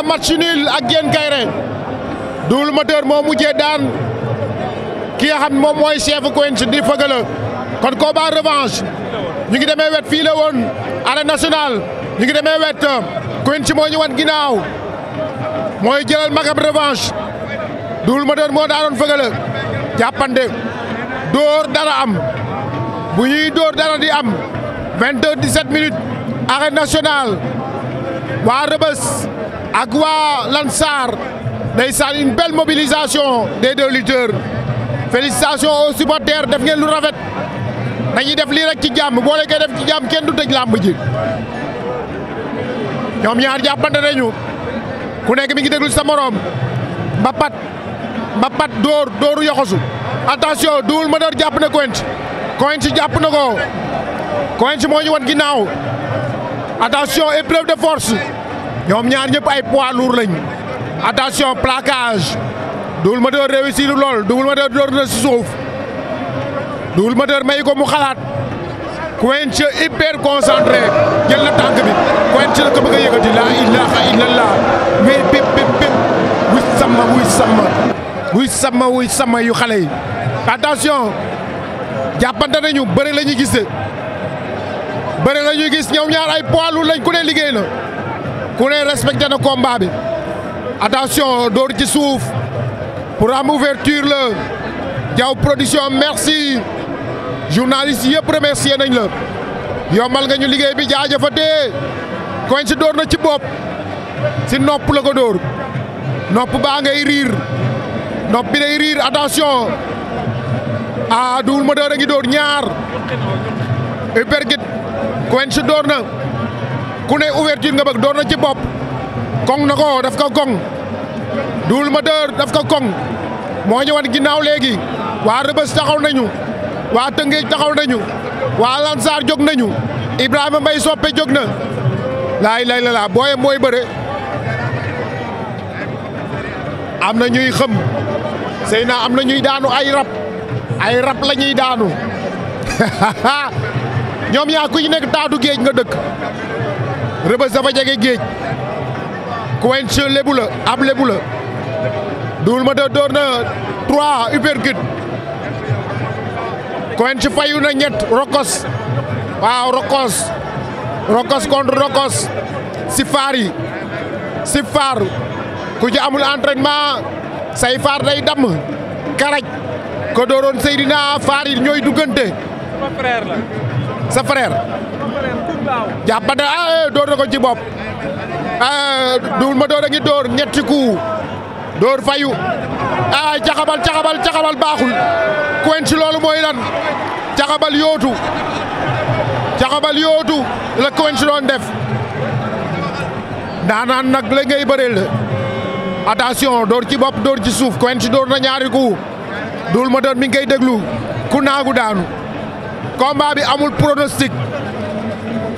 ba match nul ak Diène Kairé Double Moteur moo mujjee daan ki nga moom mooy chef Quench di Feugeuleu kon combat revanche ñu ngi demee wet fii la woon arène nationale ñu ngi demee wet Quench moo ñu wan ginnaaw mooy jëlal magam revanche Double Moteur moo daanoon Feugeuleu jàppande dóor dara am bu ñuy dóor dara di am vingt heures dix-sept minutes arène waa Rebeuss ak waa Lansar ndeysaan une belle mobilisation des deux lutteurs félicitations aux def ngeen lu rafet dañuy def lii rek ci jàmm boo leen koy def ci jàmm kenn du tëj làmb ji ñoom ñaar jàppante nañu ku nekk mi ngi déglu sa moroom ba pat door pat dóoru yoxosu attention Double Moteur jàpp na Quench Quench jàpp na ko Quench moo ñu wan ginnaaw attention épreuve de force ñoom ñaar ñëpp ay poids lourd lañ attention plaquage Double Moteur réussir lool Double ma door na si suuf Double ma may ko mu xalaat Quench hyper concentré jël na tànk bi Quench la ko a yëkkati laa ilaha illallah mais bépp bépp bépp wuy sama wuy sama wuy sama wuy sama yu xale yi attention jàppante nañu bëri la ñuy gis bëri la ñuy gis ñoom ñaar ay poids lourd lañ ku ne liggéey na ku ne respecté na combat bi attention dóor ci suuf pour am ouverture la Diaw production merci journaliste yëpp remercier nañ la yombal nga ñu liggéey bi jaajëfatee koñ si dóor na ci bopp si nopp la ko dóor nopp baa ngay riir nopp bi day riir attention ah Double Moteur a ngi door ñaar Uppercut koñ si na. ku ne ouverture nga bëgg door na ci bopp koŋ na ko daf ko koŋ ma Moteur daf ko koŋ moo ñëwaat ginnaaw léegi waa Rëbës taxaw nañu waa Tëngéej taxaw nañu waa Lansar jóg nañu Ibrahima mbay soppe jóg na laay lay la booye mooy bëre am na ñuy xëm sëy na am na ñuy daanu ay rab ay rab la daanu ñoom yaa ku ñu nekk taatu géej nga dëkk rëbës dafa jege géej Quench lébu la ab lébu la Double Moteur door na trois uppercut Quench fayu na ñett rokos waaw rokos rokos contre rokos si faar yi si faar ku ci amul entraînement say faar day damm karaj ko dooroon Seydina faar yi ñooy duggante sa frère jàppante ah eh, door na ko ci bopp ah ma door a ngi door ñetti ku door fayu ah caxabal caxabal caxabal baaxul kuwen ci loolu mooy lan caxabal yootu caxabal yootu la kuwen ci def daanaan nag la ngay bëreel attention door ci bopp door ci suuf kuwen ci door na ñaari ku duul ma door mi ngi koy ku naagu daanu combat bi amul pronostic.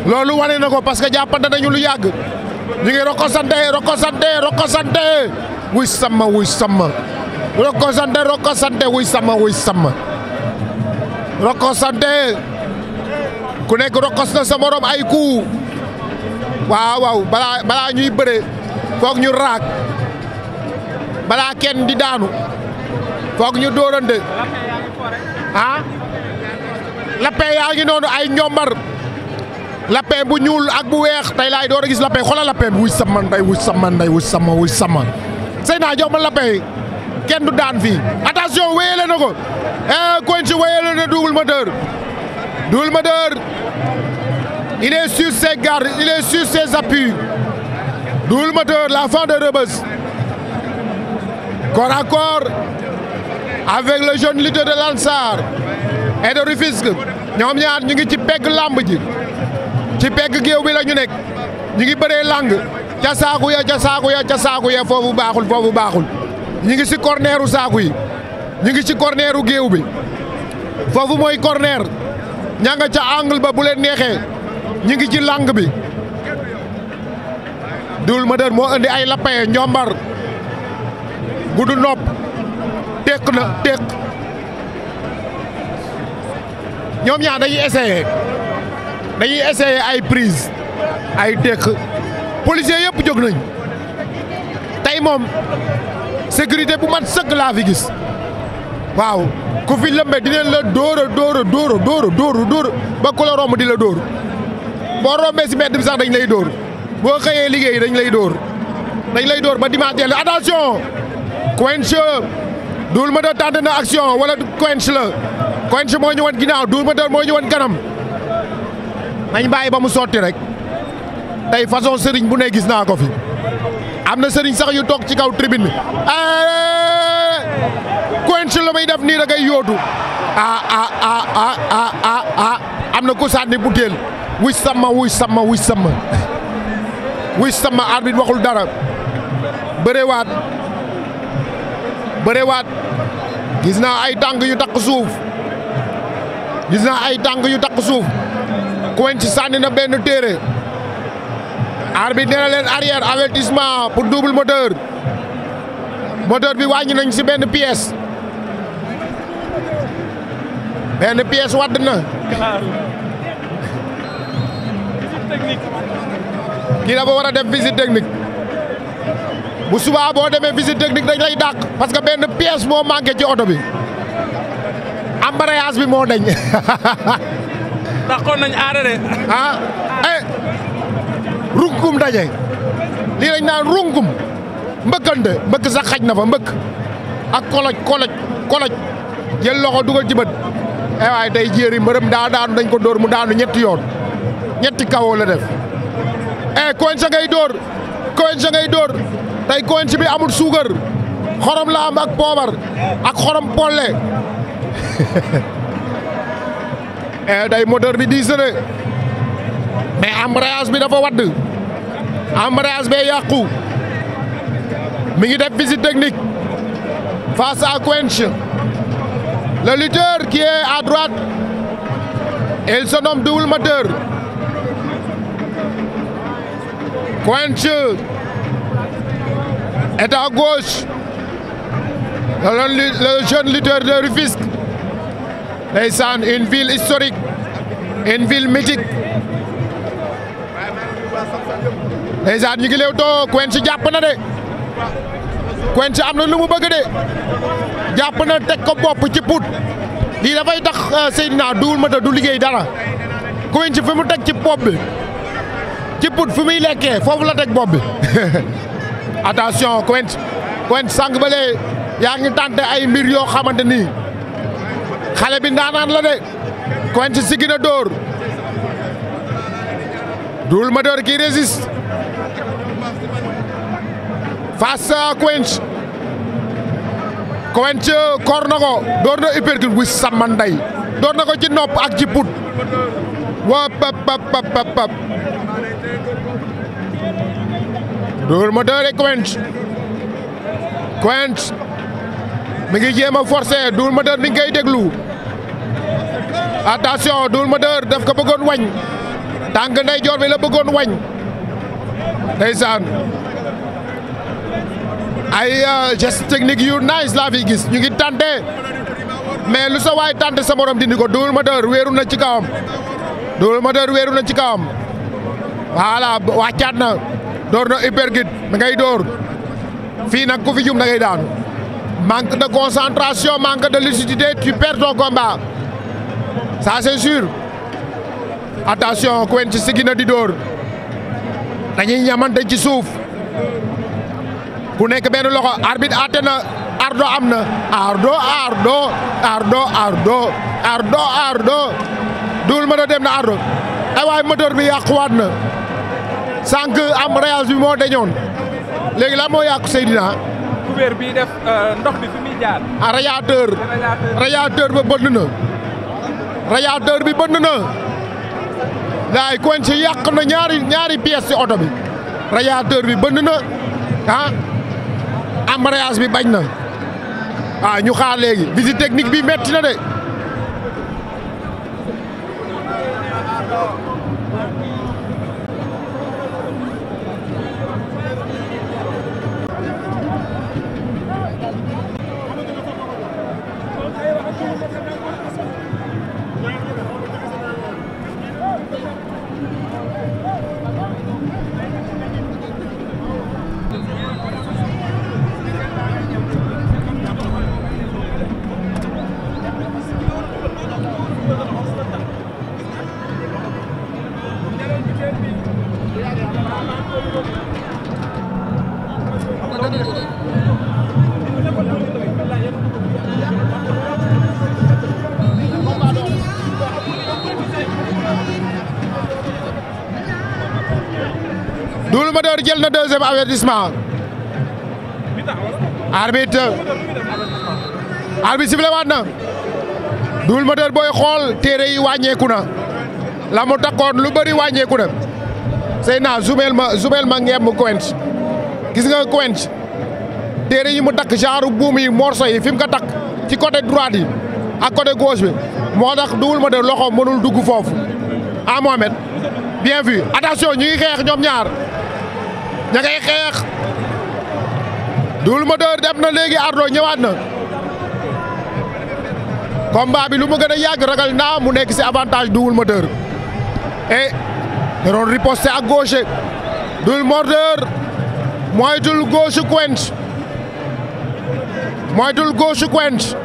loolu wane na ko parce que jàppante nañu lu yàgg ñu ngi rokosante rokosante wuy sama wuy sama rokosante rokosante wuy sama wuy sama rokosante ku nekk rokos na sa ay ku waaw waaw balaa ñuy bëre foog ñu raak balaa kenn di daanu foog ñu dóorante ah lappe yaa ngi noonu ay ñombar lapin bu ñuul ak bu weex tey laay door a gis lapin xoolal lapin bi wuy sama nday wuy sama nday wuy sama wuy sama Seyna jox ma lapin kenn du daan fii attention wéyale na ko eh, koñ ci wéyale na double moteur double moteur il est sur ses gardes il est sur ses la fin de Rebeuss corps à corps avec le jeune leader de Lansar et ñoom ñaar ñu ngi ci peg làmb ji ci pegg géew bi la ñu nekk ñi ngi bëree lang ca saaku ya ca saaku ya ca saaku ya foofu baaxul foofu baaxul ñi ngi si corneeru saaku yi ñi ngi si corneeru géew bi foofu mooy corneer ña nga ca angle ba bu leen neexee ñi ngi ci lang bi Double Moteur moo indi ay lapin njombar gudu nopp tekk na tekk ñoom ñaar dañuy essayer dañuy essayer ay prise ay dékk policiers yëpp jóg nañ tey moom sécurité bu mat sëkk laa fi gis waaw ku fi lëmbe dinañ la dóor a dóor a dóor a dóor dóor ba ku la romb di la dóor boo rombee si mbedd bi sax dañ lay dóor boo xëyee liggéey dañ lay dóor dañ lay dóor ba dimanche dellu attention quench Double Moteur tenté na action wala quench la quench moo ñu wan ginnaaw Double Moteur moo ñu wan kanam nañ bàyyi ba mu sotti rek tey façon sëriñ bu ne gis naa ko fi am na sëriñ sax yu toog ci kaw tribune bi eh, cointre la may def nii da ngay yóotu ah ah ah ah ah ah am na ku sànni butéel wuy sama wuy sama wuy sama wuy sama arbitre waxul dara bërewaat bërewaat gis naa ay tànk yu takk suuf gis naa ay tànk yu takk suuf. Quench sànni na benn téere arbitre nee na leen arrière avertissement pour double moteur moteur bi wàññi nañ si benn pièce benn pièce wadd na kii dafa war a def visite technique bu subaa boo demee visite technique dañ lay dàq parce que benn pièce moo manqué ci oto bi embrayage bi moo dañ taxoon nañ aare de. ah eh rungum daje lii lañ naan rungum mbëkkante mbëkk sax xaj na fa mbëkk ak koloj koloj koloj jël loxo dugal ci bët eh waaye tey mbërëm daa daanu dañ ko dóor mu daanu ñetti yoon ñetti kawoo la def eh koñ sa ngay dóor koñ sa ngay dóor tay kooñ si bi amul suukar xorom la am ak poobar ak xorom polle Eh, day moteur bi diis na mais embrayage bi dafa wadd embrayage bee yàqu mi ngi def visite technique face à Quench le lutteur qui est à droite il se nomme Double Moteur Quench est à gauche le jeune de Rufisque ndeysaan une ville historique une ville mythique ndeysaan ñu ngi too Quench jàpp na de Quench am na lu mu bëgg de jàpp na teg ko bopp ci put lii dafay tax euh, Seydina Double Moteur du liggéey dara Quench fi mu teg ci bopp bi ci put fi muy lekkee foofu la teg bopp bi attention Quench Quench sànq ba lee yaa ngi tànte ay mbir yoo xamante ni. xale bi ndaanaan la de Quench siggi na dóor Double Moteur qui résiste face à Quench Quench koor na ko door na uppercut wi sama ndey door na ko ci nopp ak ci put wa pap pap pap pap Double Moteur Quench Quench mi ngi jéem a forcer Double Moteur mi ngi koy déglu attention Double Moteur def ko bëggoon wañ tànk ndeyjoor bi la bëggoon wañ ndeysaan ay euh, geste technique yu nice laa fi gis ñu ngi tante mais lu sa waay tante sa morom dindi ko Double Moteur weeru na ci kawam Double Moteur wéeru na ci kawam voilà wàccaat na door na hypergit mi ngay door fii nag ku fi jum da ngay daanu manque na concentration manque de lucidité tu perds ton combat ça c'est sûr attention Quench siggi na di dóor dañuy ñamante ci suuf ku nekk benn loxo arbitre àtte na ardo am na ardo ardo ardo ardo ardo ardo duul ma dem na ardo ay waay moteur bi yàquwaat na sànq am réage bi moo dañoon léegi la moo yàqu Seydina couvert bi def euh, ndox bi fi muy jaar. Ah, ba bënd na. radiateur bi bënd na. laay kon ci yàq na ñaari ñaari pièces ci oto bi. radiateur bi bënd na ah embrayage bi bañ na. ah ñu xaar léegi visite technique bi metti na de. Double Moteur jël na deuxième avertissement arbitre arbitre sifflé waat na Double Moteur booy xool téere yi wàññeeku na la mu takkoon lu bëri wàññeeku na sëy naa zoomel ma zoomel ma ngeem Quench gis nga Quench téere yi mu takk genre buum yi morceau yi fi mu ko takk ci côté droite yi ak côté goos bi moo tax Double Moteur loxo mënul dugg foofu ah Mohamed bien vu attention ñu xeex ñoom ñaar ña ngay xeex Double dem na léegi Ardo ñëwaat na combat bi lu mu gën a yàgg ragal naa mu nekk ci avantage Double Moteur e eh, da doon riposte ak gauche Double Moteur moytul gauche cointe moytul gauche cointe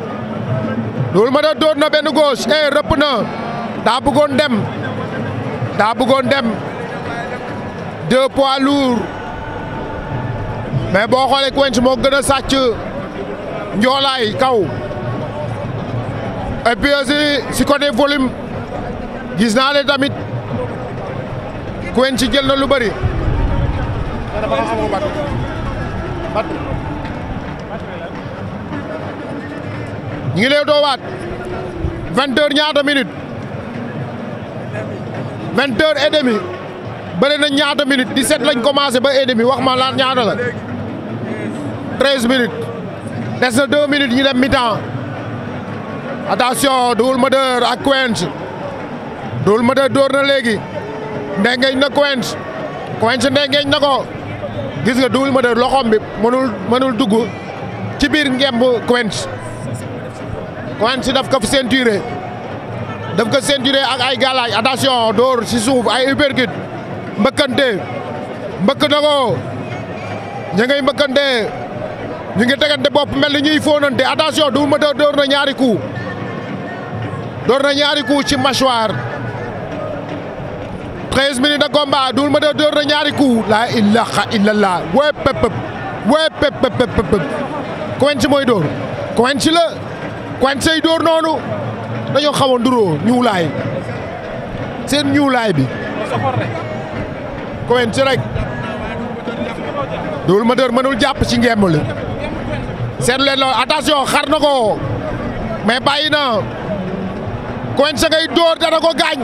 Double Moteur dóor na benn gauche e rëpp na daa bëggoon dem daa bëggoon dem deux poids mais boo xoolee Quench moo gën a sàcc njoolaay kaw et puis aussi si côté volume gis naa ne tamit ci jël na lu bëri. ñu ngi lay doowaat vingt heures ñaata minutes vingt heures et demi bëri na ñaata minutes dix set lañ commencé ba et wax ma laat ñaata la. treize minutes des na deux minutes ñu dem mi-temps attention Double Moteur ak Quench Double dóor na léegi ndengeñ na Quench Quench ndengeñ na ko gis nga Double Moteur loxoom bi mënul mënul dugg ci biir ngemb Quench Quench daf ko senture daf ko ceinturé ak ay galaaj attention dóor si suuf ay uppercut mbëkkante mbëkk ñu ngi tegante bopp mel ni ñuy fóonante attention Double Moteur door na ñaari coup door na ñaari coup ci mâchoire 13 minutes de combat Double Moteur door na ñaari coup la ilaha illallah wee pep pep wee pep pep pep Quench mooy door Quench la Quench say door noonu dañoo xaw a nduroo ñuulaay seen ñuulaay bi Quench rek Double Moteur mënul jàpp ci ngemb li seetlu leen loolu attention xar na ko mais bàyyi na Quench ngay dóor dana ko gaañ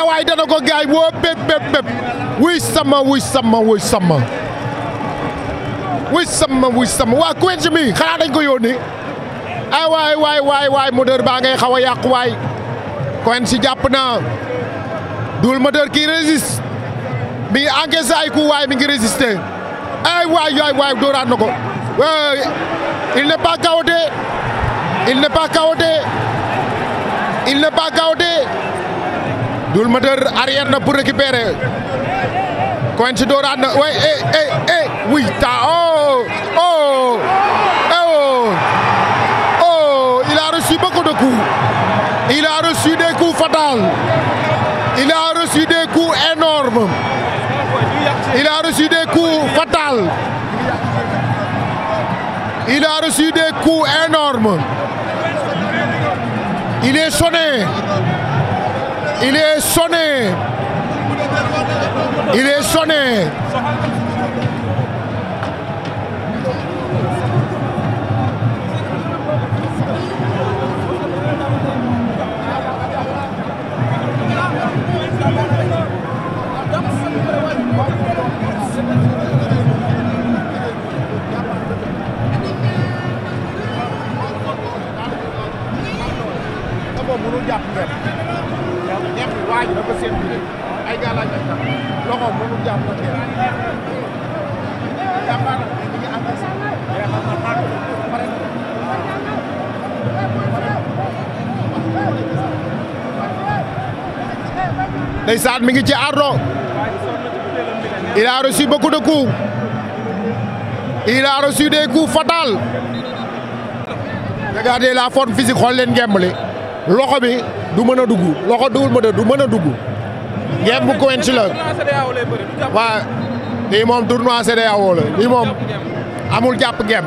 awaay eh dana ko gaañ woo bépp bépp wuy sama wuy sama wuy sama wuy sama wuy sama waa Quench xanaa dañ ko yónni ay eh waay waay waay waay baa ngay xaw a yàqu waay si jàpp na Double Moteur kii résiste mi ngi encaissé ay coup waay mi ngi résisté ay eh waay waay waay na ko waay il n'est pas KOD il n'est pas KOD il n'est pas KOD Double Moteur arrière na pour récupérer Quench dooraat na way eh eh eh, oh, oh, eh oh. il a reçu beaucoup de coups il a reçu des coups fatals il a reçu des coups énormes il a reçu des coups fatals Il a reçu des coups énormes. Il est sonné. Il est ndeysaan mi ngi ci ardo il a reçu de coups il a reçu des coups fatals regardez la forme physique xool leen ngemb loxo bi du mën a dugg loxo duwul mën a du mën a dugg ngemb Quench la waaw lii moom tournoi CEDEAO la lii moom amul jàpp ngemb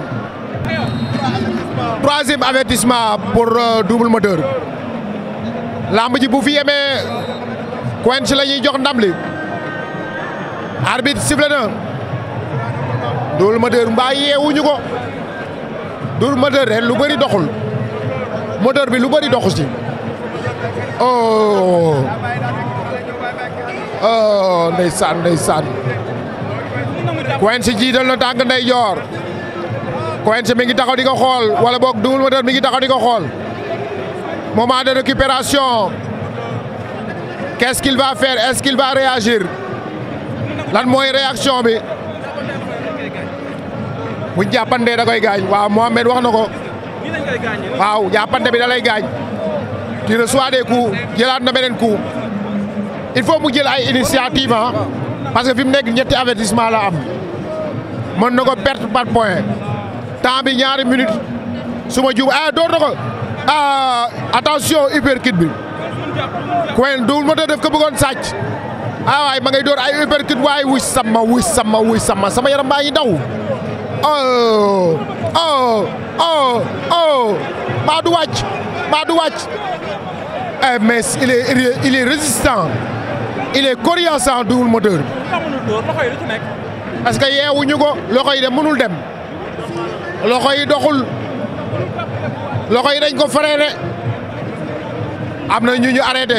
troisième avertissement pour euh, double moteur lamb ji bu fi yemee Quench la ñuy jox ndam li arbitre sifflé na Double Moteur mbaa yeewuñu ko Double Moteur ren lu bari doxul moteur bi lu bari doxu si oh oh ndeysaan ndeysaan Quench jiital na tànk ndeyjoor Quench mi ngi taxaw di ko xool wala boog Double Moteur mi ngi taxaw di ko xool moment de récupération qu'est-ce qu'il va faire est lan mooy réaction bi bu jàppandee da koy gaañ waaw Mohamed wax na ko waaw jàppante bi dalay lay gaañ tu reçois des coups na beneen coup il faut mu jël ay initiative ah parce que fi mu nekk ñetti avertissement la am mën na ko perte par point temps bi ñaari minutes su ma jub ah door na ko ah attention uppercut bi. Quench Double Moteur def ko bëggoon sàcc ah waay ma ngay door ay uppercut waaye wuy sama wuy sama wuy sama sama yaram baa ngi daw oh oh oh oh maa du wàcc maa du wàcc eh mais il résistant il est coriace en parce que yeewuñu ko loxo yi de mënul dem loxo yi doxul loxo yi dañ ko freiné. am na ñu ñu arrêté.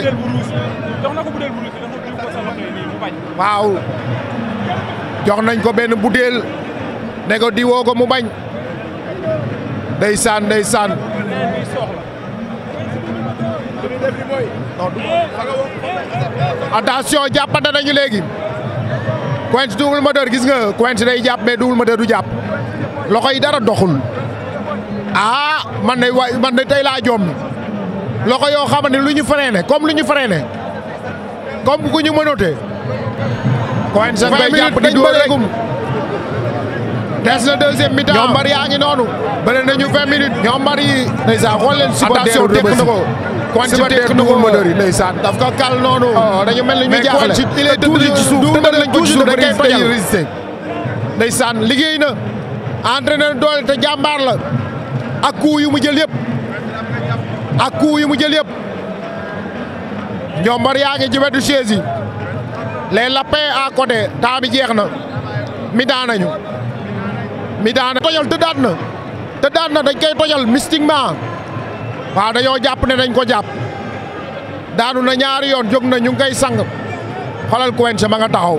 waaw jox nañ ko benn butéel ne ko diwoo ko mu bañ. ndeysaan ndeysaan. attention jàppante nañu léegi. Quench double moteur gis nga Quench day jàpp mais double moteur du jàpp loxo yi dara doxul. ah man de waay man de tey laa joom loxo yoo xam ne lu ñu freiné comme lu ñu freiné comme ku ñu mënatee. Coen seen bay jàpp di dóor rek des na deuxième mi-temps ñoom bari yaa ngi noonu. bëri nañu vingt minutes ñoom bari yi. ndeysaan xool leen attention tekk na ko. Coen ci tekk na ko ndeysaan daf ko kal noonu. Oh, dañu mel ni ñu jaaxle mais Coen ci il est tout ci suuf tëddal nañ ko ci suuf da koy tojal ndeysaan liggéey na entraîneur doole te jàmbaar la ak coup yu mu jël yëpp. ak coup yi mu jël yëpp ñoom mbar yaa ngi ci wetu chaise yi les lapins à côté temps bi jeex na mi daanañu mi daana tojal tëddaat na tëddaat na dañ koy tojal mystiquement waaw dañoo jàpp ne dañ ko jàpp daanu na ñaari yoon jóg nañu ñu sang xolal Quench ma nga taxaw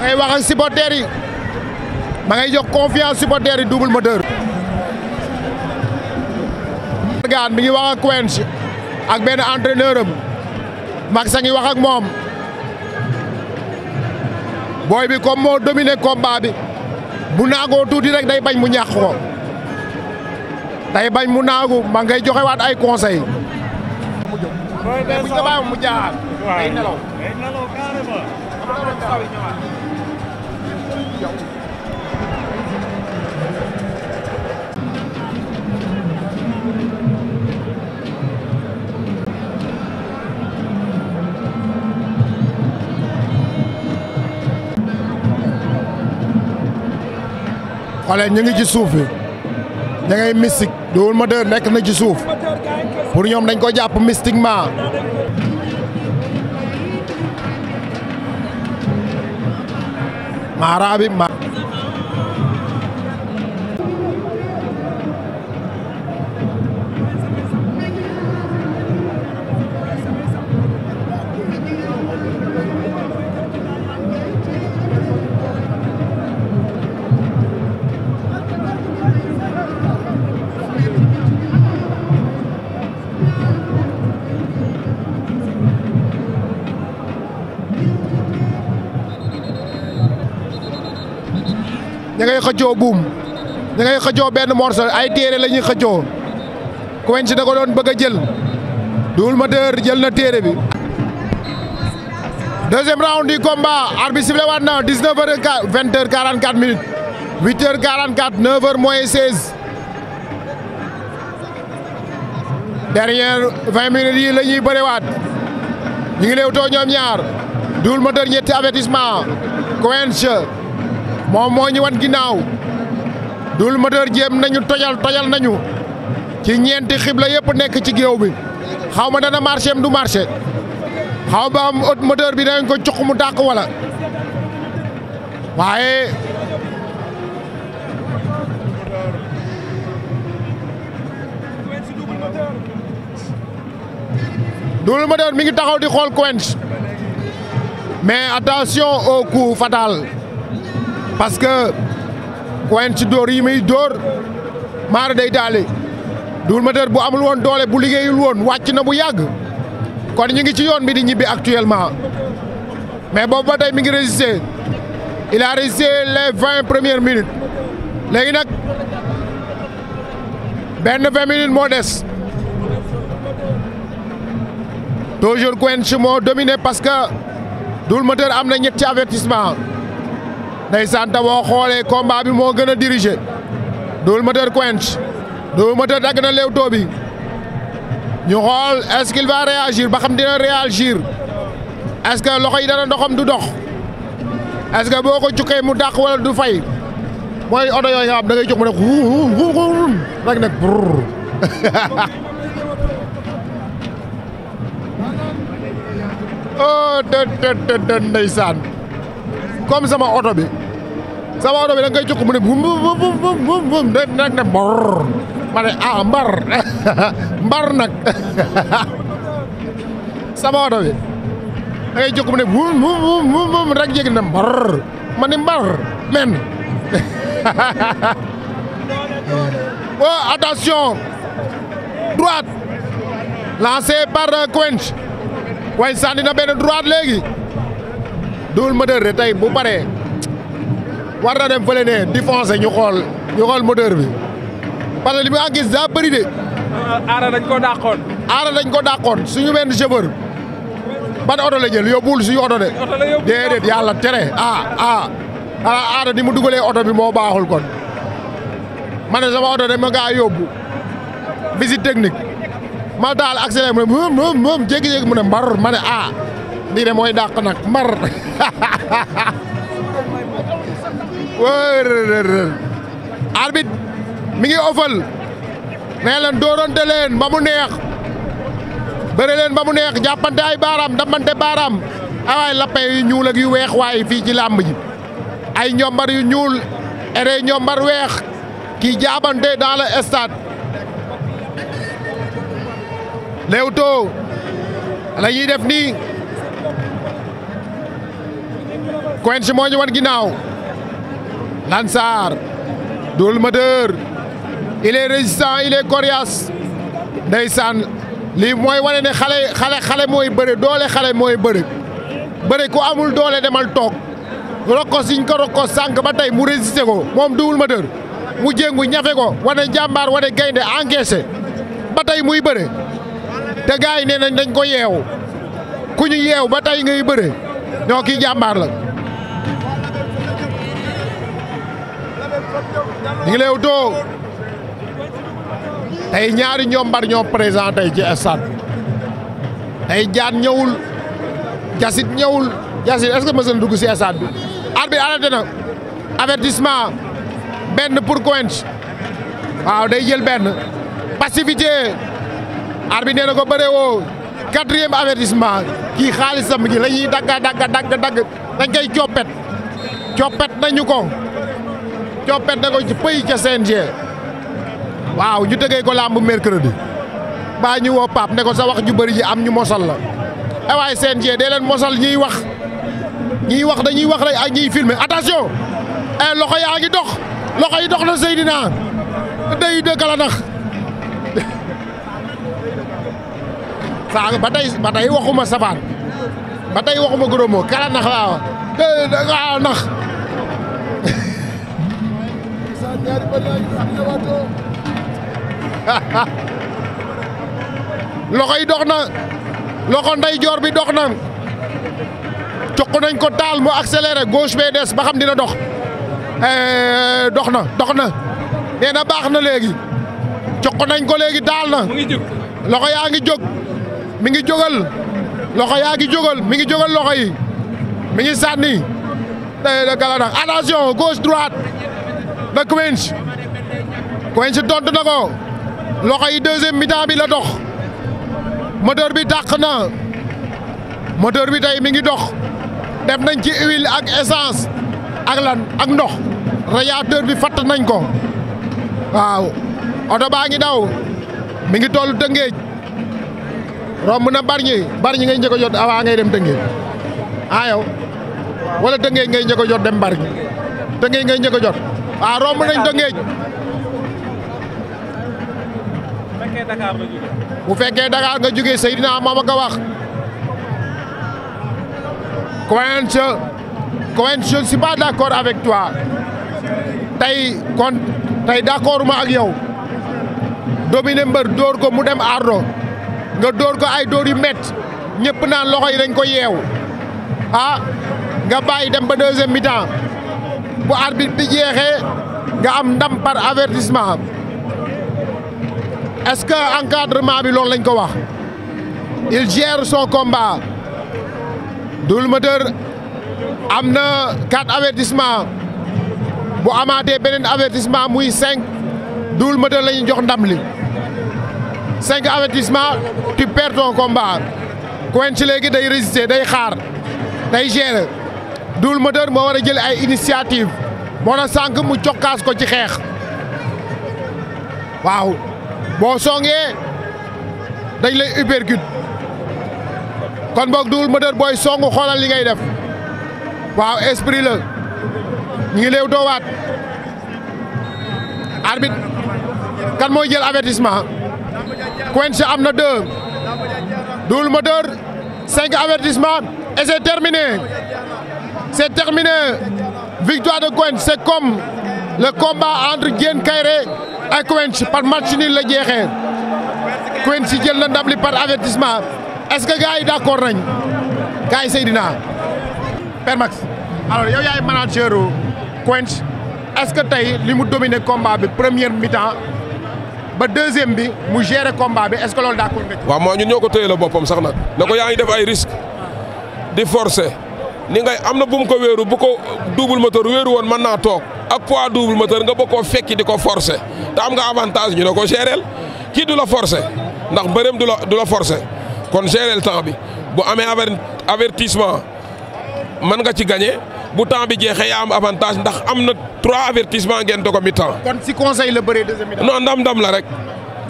ma ngay wax ak supporters jox confiance supporters yi double moteur. gaan mi ngi wax ak Quench ak benn entraîneur moom booy bi comme moo dominé combat bi bu naagoo tuuti rek day bañ mu ñàq ko day bañ mu naagu ma ngay joxe ay conseil xale ñu ngi ci suuf bi da ngay mystique Double Moteur nekk na ci suuf pour ñoom dañ ko jàpp mystiquement. maara bi ma ña ngay xëccoo buum ña ngay xëccoo benn morceau ay téere la ñuy xëccoo Quench da ko doon bëgg a jël Double Moteur jël na téere bi deuxième round du combat arbitre sifflé waat na 19 heures 20 heures 44 minutes 8 heures 44 9 heures yi la ñuy bëriwaat ñu ngi leewtoo ñoom ñaar Double Moteur ñetti avertissement Quench moom moo ñu wan ginnaaw Double Moteur jéem nañu tojal tojal nañu ci ñeenti xibla yëpp nekk ci géew bi xaw ma dana marché am du marché xaw ma am haute moteur bi danañ ko cuq mu dàq walla waaye Double Moteur mi ngi taxaw di xool Quench mais attention au coup fatal parce que wayen ci dóor yi muy dóor maara day daale Double Moteur bu amul woon doole bu liggéeyul woon wàcc na bu yàgg kon ñu ngi ci yoon bi di ñibbi actuellement mais boobu ba tey mi ngi résisté il a résisté les vingt premières léegi nag benn vingt minutes moo des toujours Quench moo dominé parce que Double Moteur am na ñetti avertissement ndeysaan te boo xoolee combat bi moo gën a diriger Double Moteur Quench Double Moteur dagg na léewtoo bi ñu xool est-ce qu'il va réagir ba xam dina réagir est loxo yi dana doxam du dox est-ce boo ko cukkee mu dàq wala du fay mooy oto yooyu nga xam da ngay mu ne rek nag brrr oh të të të ndeysaan comme sama oto bi sama oto bi da nga koy jokk mu ne bum bum bum bum bum day nag ne bor ma ne ah mbar mbar nag sama oto bi da ngay jokk mu ne bum bum bum bum rek yéeg na mbar ma ne mbar men oh attention droite lancée par Quench waaye sànni na benn droite léegi Double Moteur tey bu paree. war na dem fële ne di foncer ñu xool ñu xool moteur bi parce que li ma gis daa bëri de. Euh, aara dañ ko dàqoon. aara dañ ko dàqoon suñu benn chauffeur ban oto la jël yóbbuwul suñu oto de. oto la yóbbu déedéet tere ah ah. ah aara ni mu dugalee oto bi moo baaxul kon ma sama oto de ma gaa yóbbu visite technique ma daal accéléré mu ne moom moom moom jékki mu ne mbar ma ne ah mooy dàq nag mbar. arbitre mi ngi ofal nee leen dóorante leen ba mu neex bëre leen ba mu neex jàppante ay baaraam dammante baaraam ay waay lappe yu ñuul ak yu weex waaye fii ci làmb ji ay ñombar yu ñuul ere ñombar weex kii jaabante dans le stade Leewtoo la ñuy def nii Quench moo ñu wan ginnaaw Lansar Double Moteur il est résistant il est coriace ndeysaan lii mooy wane ne xale xale xale mooy bëre doole xale mooy bëre bëre ku amul doole demal toog rokkos yiñ ko rokkos sànq ba tey mu résisté ko moom Double Moteur mu jéngu ñafe ko wane jàmbaar wane gaynde encaissé ba tey muy bëre te gars yi nee nañ dañ ko yeew ku ñu yeew ba tey ngay bëre ñoo kii jàmbaar la ñu ngi leew too tey ñaari ñombar ñoo présent tey ci stade bi tey jaan ñëwul jasit ñëwul jasit est-ce que mës na dugg si stade bi arbitre arrêté na avertissement benn pour Quench waaw day jël benn passivité arbitre bi na ko bëree woo quatrième avertissement kii xaalisam gi la ñuy dagga dagga dagg dagg dañ koy coppet coppet nañu ko coppet na ko ci pëy ca CNG waaw ñu tëggee ko làmb mercredi baa ñuy woo Pape ne ko sa wax ju bëri ji am ñu mosal la ay eh waaye CNG dee leen mosal ñiy wax ñiy wax dañuy wax rek ak ñiy filmer attention eh loxo yaa ngi dox loxo yi dox na Seydina day dëkkala nax saa ba tey ba tey waxuma safaan ba tey waxuma goromo kala nax waaw eh, ah, nax loxo yi dox na loxo ndeyjoor bi dox na jox nañ ko taal mu accéléré gauche bee des ba xam dina dox eh, dox na dox na nee na baax na léegi jox nañ ko léegi taal na loxo yaa ngi jog mi ngi jogal loxo yaa ngi jógal mi ngi jogal loxo yi mi ngi sànni eh, gala na attention gauche droite ba Quench Quench tontu na ko loxo yi deuxième mi-temps bi la dox moteur bi tàq na moteur bi tey mi ngi dox def nañ ci huile ak essence ak lan ak ndox radiateur bi fatt nañ ko waaw oto baa ngi daw mi ngi toll Tëngéej romb na Bargny Bargny ngay njëkk a jot avant ngay dem Tëngéej ah yow wala Tëngéej ngay njëkk jot dem Bargny Tëngéej ngay njëkk a jot. waaw ah, romb nañ Tëngéej bu fekkee Dakar nga jógee Seydina Mama nga wax Coen je Coen je ne suis pas d'accord avec toi tey kon tey ma ak yow dominer mbër dóor ko mu dem ardo nga dóor ko ay dóor yu métti ñëpp naan loxo yi dañ ko yeew ah nga bàyyi dem ba deuxième mi-temps bu arbitre bi jeexee nga am ndam par avertissement est-ce que encadrement bi loolu lañ ko wax il gère son combat Double Moteur am na quatre avertissement bu amaatee beneen avertissement muy cinq Double Moteur la ñuy jox ndam li cinq avertissement tu perds ton combat Quench léegi day résister day xaar day gérer Double Moteur moo war a jël ay initiative moo na sànq mu cokkaas ko ci xeex waaw boo songee dañ lay uppercut kon boog Double Moteur booy songu xoolal li ngay def waaw esprit la ñu ngi léew doowaat arbitre kan mooy jël avertissement si am na deux Double Moteur cinq avertissement et c'est terminé C'est terminé. Victoire de Gwen, c'est comme le combat entre Diène Kairé et Quench par match nul la jeexee si jël na ndam li par avertissement est-ce que gars yi d'accord nañ gars yi Seydina Père Max alors yaay manager u Quench que tey li mu dominer combat bi première mi-temps ba deuxième bi mu gérer combat bi est-ce que loolu d'accord nga moo ñun ñoo ko téye la boppam sax nag na ko yaa ngi def ay risques di forcer ni ngay am na bu mu ko wéeru bu ko double moteur wéeru woon mën naa toog ak poids double moteur nga bokkoo fekki di ko forcer te am nga avantage ñu ne ko géréel kii du la forcer ndax bërëm du la du la forcer kon géréel temps bi bu amee avertissement mën nga ci gagné bu temps bi jeexee yaa am avantage ndax am na trois avertissement ngeen doog a mi temps. kon si conseil la bëree deuxième mi-temps. non ndam ndam la rek.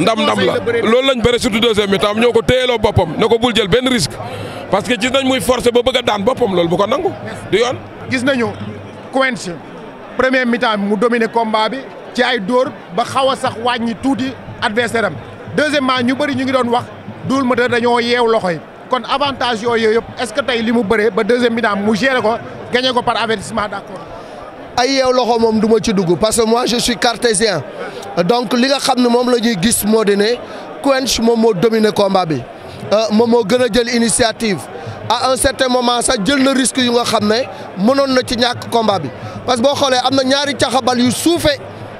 ndam ndam la loolu lañ bëre surtout deuxième mi-temps ñoo ko téyeloo boppam ne ko bul jël benn risque parce que gis nañ muy forcé ba bëgg a daan boppam loolu bu ko nangu du yoon gis nañu Quench premier mi-temps mu dominé combat bi ci ay dóor ba xaw a sax wàññi tuuti adversaire am deuxièmement ñu bëri ñu ngi doon wax Double Moteur dañoo yeew loxo yi kon avantage yooyu yëpp est-ce que tey li mu bëree ba deuxième mi-temps mu géré ko gagné ko par avertissement d'accord ay yeew loxo moom du ci dugg parce que moi je suis cartésien donc li nga xam ne moom la ñuy gis moo di ne Quench moom moo dominé combat bi euh, moom moo gën a jël initiative à un certain moment sax jël na risque yu nga xam ne mënoon na ci ñàkk combat bi parce que boo xoolee am na ñaari caxabal yu suufe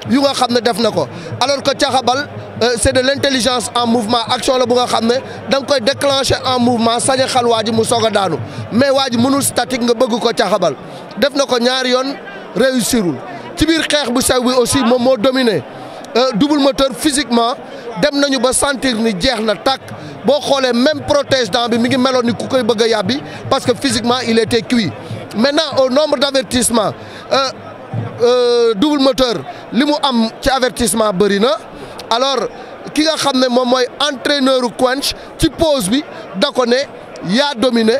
yu nga xam ne def na ko alors que caxabal euh, c'est de l'intelligence en mouvement action la bu nga xam ne da koy déclencher en mouvement sañ a xal waa mu soog a daanu mais waa mënul statique nga bëgg ko caxabal def na ko ñaari yoon réussirul ci biir xeex bu sew bi aussi moom moo dominé Euh, double moteur physiquement dem nañu ba sentir ni jeex na tàkk boo xoolee même protège dent bi mi ngi meloon ni ku koy bëgg a yàbbi parce que physiquement il était cuit maintenant au nombre d' avertissement euh, euh, double moteur li mu am ci avertissement bëri na alors ki nga xam ne moom mooy entraîneur u ci pause bi da ko yaa domine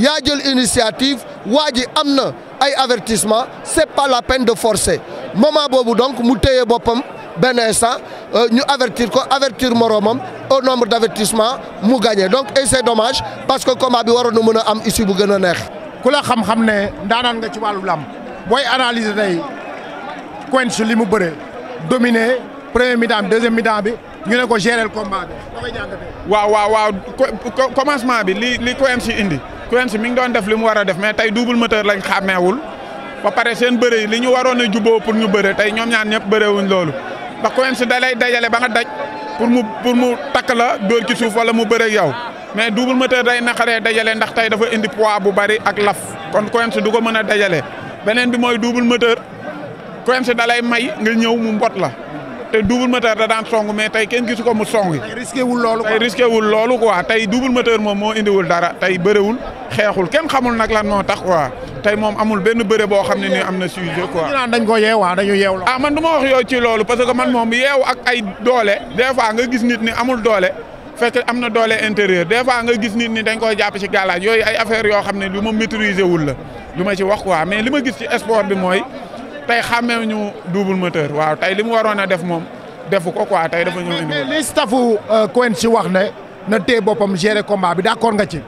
yaa jël initiative waa ji am na ay avertissement c' est pas la peine de forcer moment boobu donc mu téye boppam benn instant euh, ñu avertir ko avertir moroomam au nombre d' avertissement mu gagné donc et c' est dommage parce que combat bi waroon na mën a am issue bu gën a neex. ku la xam-xam ne ndaanaan nga ci wàllu làmb booy analyser tey Quench li mu bëre domine premier mi-temps bi bi ñu ne ko gérer combat bi. waaw waaw waaw commencement bi li li Quench indi Quench mi ngi doon def li mu war a def mais tey double moteur lañ xàmmeewul ba pare seen bëre li ñu waroon a juboo pour ñu bëre tey ñoom ñaan ñëpp bërewuñ loolu ndax Quench dalay lay dajale ba nga daj pour mu pour mu takk la dóor ci suuf wala mu bëre yow mais double moteur day naqaree dajale ndax tey dafa indi poids bu bari ak laf kon Quench du ko mën a dajale beneen bi mooy duubul moteur Quench da lay may nga ñëw mu mbot la te double moteur da daan song mais tey kenn gisu ko mu song. tey risqué wul loolu ko tey risqué wul loolu quoi tey double moteur moom moo indiwul dara tey bëriwul xeexul kenn xamul nag lan moo tax quoi. tey moom amul benn bëre boo xam ne nii am na sujet quoi. ñu naan dañ ah, dañu yeew la. ah man du wax yow ci loolu parce que man moom yeew ak ay doole des fois nga gis nit ni amul doole fekk am na doole intérieur des fois nga gis nit ni dañ koy jàpp ci gàllaaj yooyu ay affaire yoo xam ne lu ma maîtriser wul la du ma ci wax quoi mais li ma gis ci sport bi mooy tey xàmmee ñu double moteur waaw tey li mu waroon a def moom defu ko quoi tey dafa ñëw indi. li staffu euh, Coen si wax ne na téye boppam gérer combat bi d'accord nga ci.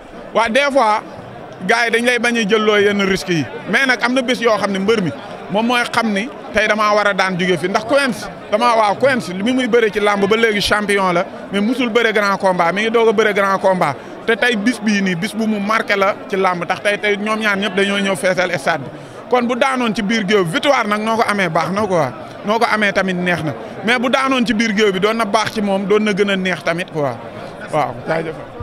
gars yi dañ lay bañ a jëlloo yenn risques yi mais nag am na bés yoo xam ne mbër mi moom mooy xam ni tey dama war a daan jóge fi ndax Quench damaa waaw Quench mi muy bëre ci làmb ba léegi champion la mais musul bëre grand combat mi ngi doog a bëre grand combat te tey bis bi nii bis bu mu marqué la ci làmb tax tey tey ñoom ñaan ñëpp dañoo ñëw feesal stade bi kon bu daanoon ci biir géew victoire nag noo ko amee baax na quoi noo ko amee tamit neex na mais bu daanoon ci biir géew bi doon na baax ci moom doon na gën a neex tamit quoi waaw jaajëf